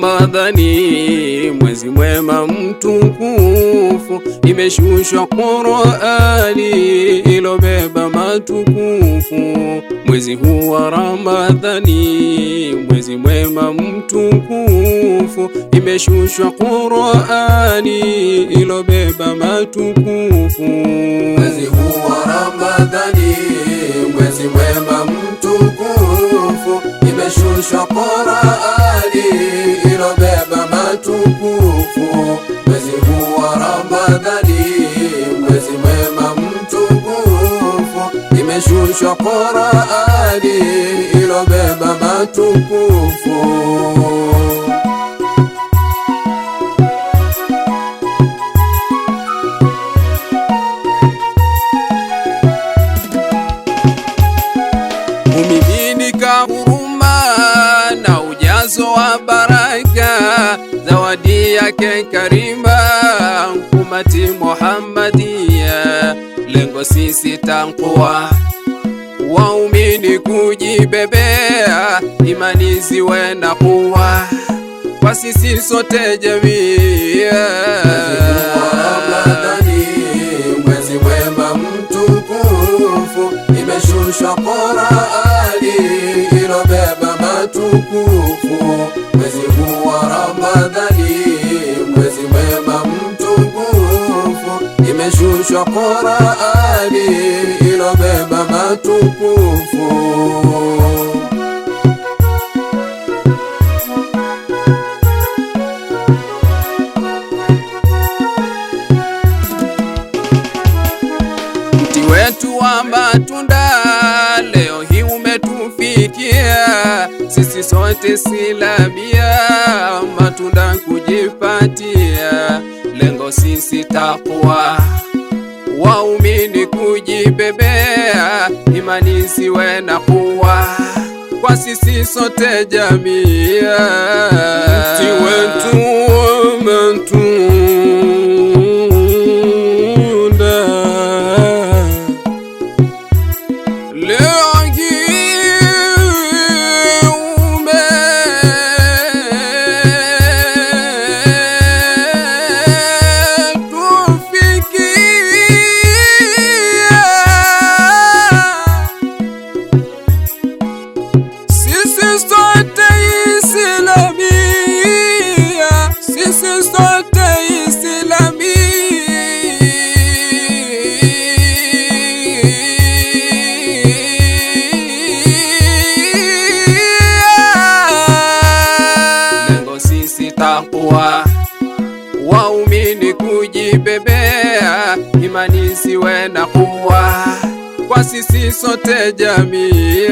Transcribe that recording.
Ramadhani, mwezi mwema mtukufu, imeshushwa Qur'ani ilobeba matukufu. Mwezi huu wa Ramadhani, mwezi mwema mtukufu, imeshushwa Qur'ani ilobeba matukufu. Mwezi huu wa Ramadhani, mwezi mwema mtukufu, imeshushwa Qur'ani imeshushwa Qur'ani ilobeba matukufu umimini ka huruma na ujazo wa baraka zawadi yake karima kumati Muhammadia lengo sisi TANKUWA waumini kujibebea imani ziwe na kuwa kwa sisi sote jamii yeah. Mwezi mwema mtukufu, imeshushwa Qur'ani ilobeba matukufu. Mwezi huu wa Ramadhani, mwezi mwema mtukufu, imeshushwa Qur'ani zawadi ilobeba matukufu. Mti wetu wa matunda leo hii umetufikia sisi sote, silabia matunda kujipatia, lengo sisi takwa waumini kujibebea, imani siwe na kuwa kwa sisi sote jamii, siwe wetu kuwa waumini kujibebea imani siwe na kuwa kwa sisi sote jamii